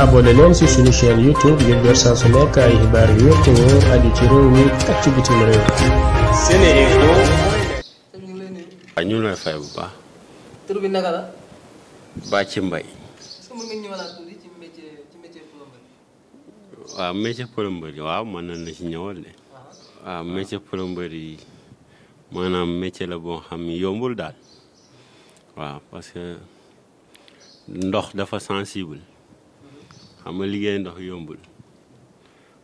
abonné leen ci suñu chaîne YouTube ngir jot fay bu baax. tur bi naka la. Bàcci Mbaye. mën nga ñëwalaat tuuti ci métier ci métier waaw mën nañ la ci ñëwal de. Ah. waaw métier plomberie maanaam métier la boo xam ni yombul daal waaw parce que ndox dafa sensible. xam nga liggéey ndox yombul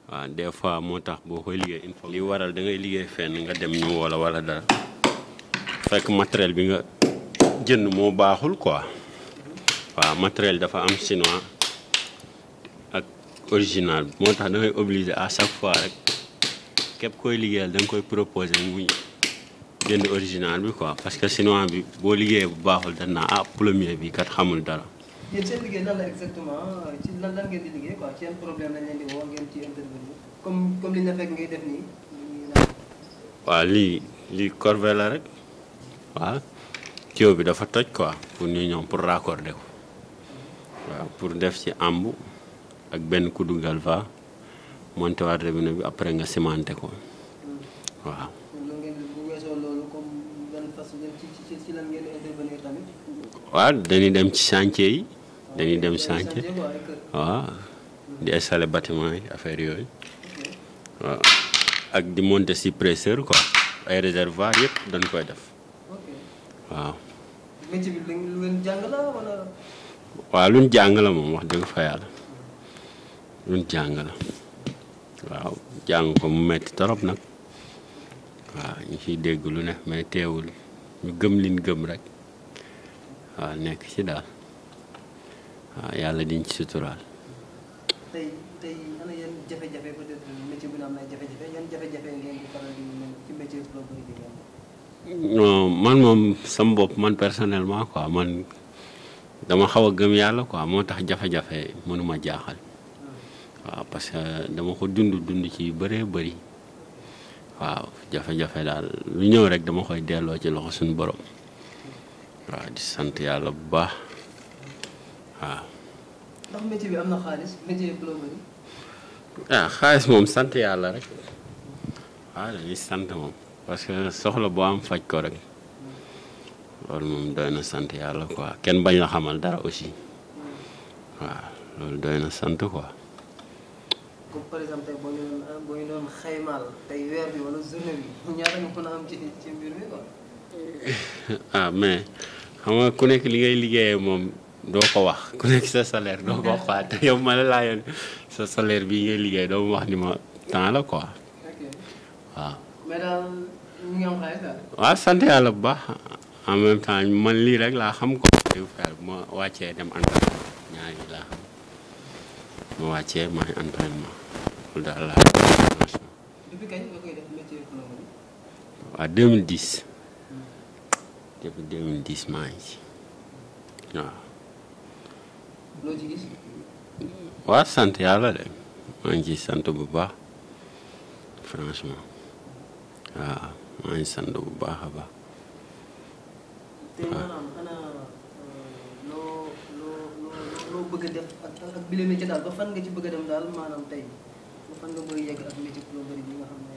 waaw des fois moo tax boo koy liggéey une fois li waral dangay liggéey fenn nga dem ñu wala wala dara fekk matériel bi nga jënd moo baaxul quoi waaw matériel dafa am chinois ak original moo tax dangay ngay à chaque fois rek képp koy liggéeyal da koy proposer mu jënd original bi quoi parce que chinois bi boo liggéeyee bu baaxul dañ naa ah premier bi kat xamul dara. yéen seen liggéey lan la exactement ci lan lan ngeen di liggéey ci yan problème lañ di woo ngeen ci intervenir comme comme li ñu fekk ngay def nii. waaw lii lii corvée rek waaw tuyau bi dafa toj quoi pour ñu ñoom pour raccorder ko waaw pour def ci àmb ak benn kuddu galva monté waat bi après nga cimenté ko waaw. dañuy dem ci chantier yi dañuy dem chantier waaw di installer bâtiment yi affaire yooyu waaw ak di monter si presseur quoi ay réservoir yëpp dañ koy def waaw. métier lu ngeen jàng la moom wax dëgg fa yàlla luñ jàng la waaw jàng ko mu metti torop nag waa ñu ciy dégg lu ne mais teewul ñu gëm liñ gëm rek waaw nekk ci daal. waaw ah, yàlla diñ ci suturaal. tey tey ana yan man moom sama bopp man personnellement quoi man dama xaw a gëm yàlla quoi moo tax jafe-jafe mënuma jaaxal. Ah. waaw parce que dama ko dund dund ci yu bëree bëri waaw jafe-jafe daal lu ñëw rek dama koy delloo ci loxo suñu borom waaw di sant yàlla bu baax. waaw. ndax métier bi am na xaalis métier plomberie. ah xaalis moom sant yàlla rek waaw ah, dañuy sant moom parce que soxla boo am faj ko rek loolu moom doy na sant yàlla quoi kenn bañ la xamal dara aussi hmm. waaw loolu doy na sant quoi. comme ah, ah, mais xam nga ku nekk li ngay liggéeyee moom. doo ko wax ku nekk sa salaire doo ko wax yow ma la laayoon sa salaire bii ngay liggéey doo wax ni ma temps la quoi waaw. mais daal yàlla bu baax en même man lii rek laa xam ko bu ma wàccee dem entraînement ñaari laa ma wàccee may entraînement loolu daal laa depuis kañ ngi ci waaw. loo waa sant yàlla de maa ngi ciy sant bu baax franchement waaw maa ngi sant bu baax a baax. waaw euh, loo bëgg a ak ak bile métier daal ba fan nga ci bëgg dem daal maanaam tey ba fan nga bëgg yegg ak métier loo bi nga xam ne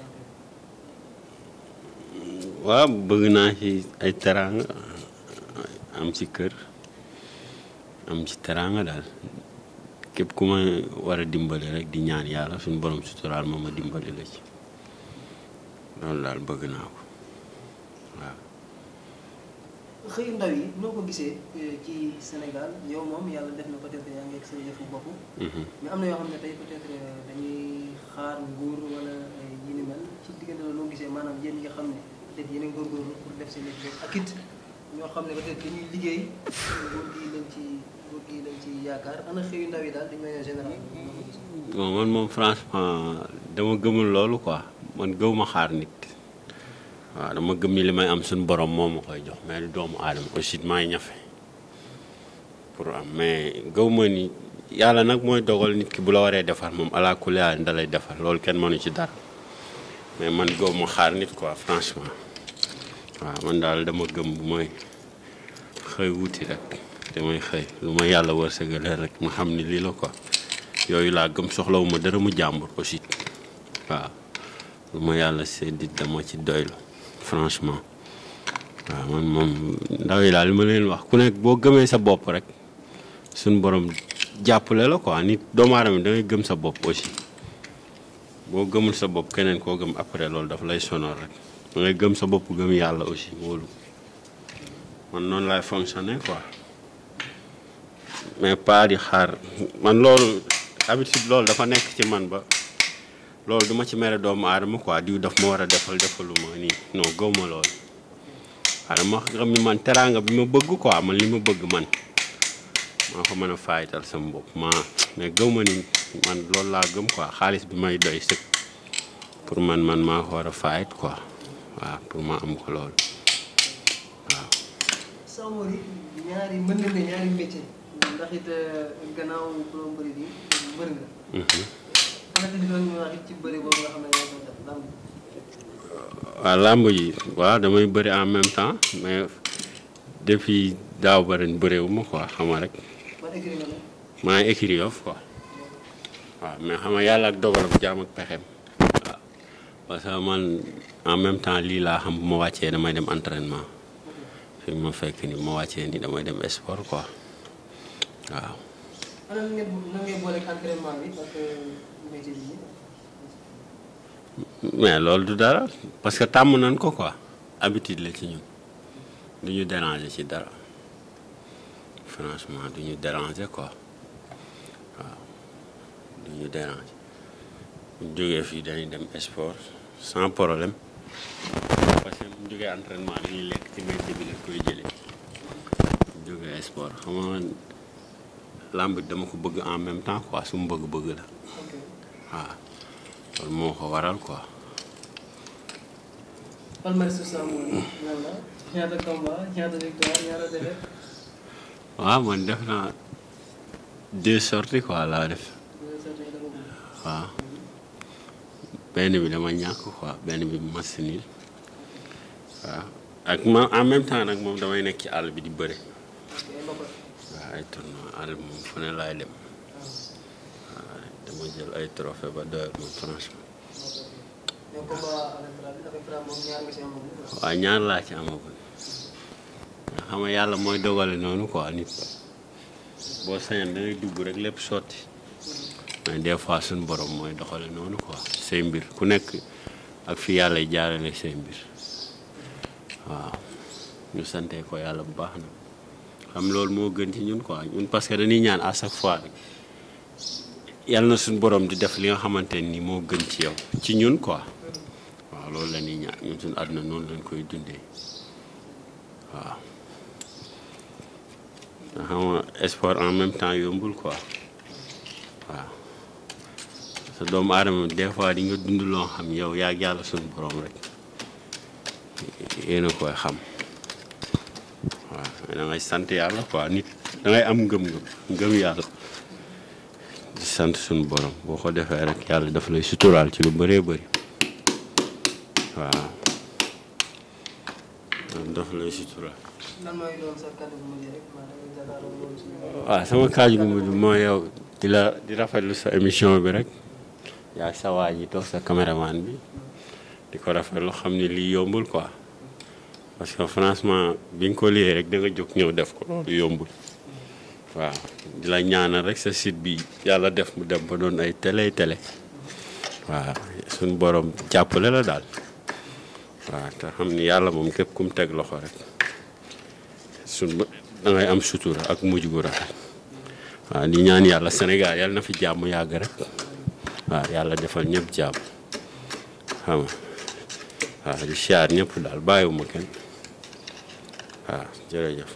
yaa bëgg naa ci ay teraanga am ci kër. am ci teraanga daal képp ku ma war a dimbali rek di ñaan yàlla suñ borom suturaal moom a dimbali la ci loolu daal bëgg naa ko waaw. xëyu ndaw yi noo ko gisee euh, ci Sénégal yow moom yàlla def na peut-être yaa ngi ak sa yëfu mhm. am na yoo xam ne tey peut-être euh, dañuy xaar euh, ci diggante la gisee maanaam yéen ñi nga xam ne peut-être yéen a góorgóorlu def seen yëfu ak it ñoo xam ne peut-être dañuy liggéey nguur gi leen ci. kii man moom franchement dama gëmul loolu quoi man gëw ma xaar nit waaw dama gëm ni li may am suñu borom moom ma koy jox mais doomu aadama aussi may ñafe pour am mais ma ni yàlla nag mooy dogal nit ki bu la waree defar moom ala kulli aal defar loolu kenn mënu ci dara mais man gëwuma xaar nit quoi franchement waaw man daal dama gëm bu mooy xëy wuti rek. damay xëy lu ma yàlla war wërsëgalee rek ma xam ni lii la quoi yooyu laa gëm soxlawu ma dara mu jàmbur aussi waaw lu ma yàlla séddit dama ci doylu franchement waaw man moom ndaw yi daal li ma leen wax ku nekk boo gëmee sa bopp rek suñu borom jàppale la quoi nit doomu aadama da ngay gëm sa bopp aussi boo gëmul sa bopp keneen koo gëm après loolu daf lay sonal rek da gëm sa bopp gëm yàlla aussi wóolu man noonu laay fonctionner quoi. mais pas di xaar man loolu habitude loolu dafa nekk ci man ba loolu duma ci mere doom aadama quoi diw daf ma war a defal defalu ma nii non gëw ma loolu waaw dama xam man teraanga bi ma bëgg quoi man li ma bëgg man maa ko mën a faytal sama bopp ma mais gëw loolu laa gëm quoi xaalis bi may doy sëkk pour man man maa ko war a faayit ko waaw pour ma am ko loolu waaw. ndax euh, mhm. làmb. yi euh, waaw damay bëri en même temps mais depuis daaw ba ren bëreewu ma quoi xam nga rek. maa ngi écrit yof mais xam nga yàlla ak dogalam jaam ak pexeem. waaw parce que man en même temps lii laa xam bu ma wàccee damay dem entraînement. fi ma fekk ni ma wàccee nii damay dem sport quoi. waaw. ana ngeen mais loolu du dara parce que tàmm nañ ko quoi habitude la ci ñun du ñu déranger ci dara franchement du ñu déranger quoi du ñu déranger bu jógee fii dañuy dem sport sans problème parce que bu jógee entraînement dañuy lekk ci métier bi lañ koy jëlee bu jógee sport xam làmb dama ko bëgg en même temps quoi bëgg-bëgg la waaw loolu ko waral man def naa deux sorties quoi laa def waaw benn bi dama ñàkk quoi benn bi match nul waaw ak ma en même temps nag moom damay nekk ci àll bi di bëre. ay tournois moom fu laay dem waaw dama jël ay trophée ba doyal moom franchement. waaw ñaar laa ci amagul. nga xam ne yàlla mooy dogale noonu quoi nit boo sañoon da dugg rek lépp sotti mais des fois suñu borom mooy doxale noonu quoi say mbir ku nekk ak fi yàlla jaarale say mbir waaw ñu sante ko yàlla bu baax nag. xam loolu moo gën ci ñun quoi ñun parce que dañuy ñaan à chaque fois rek yàlla na suñu boroom di def li nga xamante nii moo gën ci yow ci ñun quoi waaw loolu la ñuy ñaan ñun suñu àdduna noonu lañ koy dundee waaw. nga xam nga en même temps yombul quoi waaw sa doomu aadama des fois dund loo xam yow yaa yàlla suñ borom rek yéen a koy xam. da sant yàlla quoi nit da am ngëm-ngëm ngëm yàlla di sant suñu borom boo ko defee rek yàlla daf lay suturaal ci lu bëree bëri waaw daf lay suturaal waaw sama kaaj gu mujj mooy yow di la di rafetlu sa émission bi rek yaa sa waa ji toog sa caméraman bi di ko rafetlu xam ne lii yombul quoi parce que franchement bi nga ko liyee rek da jóg ñëw def ko loolu yombul. waaw la ñaanal rek sa site bi yàlla def mu dem ba doon ay télé télé waaw suñu borom jàppale la daal waaw te xam ne yàlla moom ku mu teg loxo rek suñu da ngay am sutura ak mujj gu rafet waaw di ñaan yàlla Sénégal yàlla na fi jàmm yàgg rek waaw yàlla defal ñëpp jàmm xam nga waaw di siyaar ñëpp daal bàyyiwuma kenn. waaw ah, jërëjëf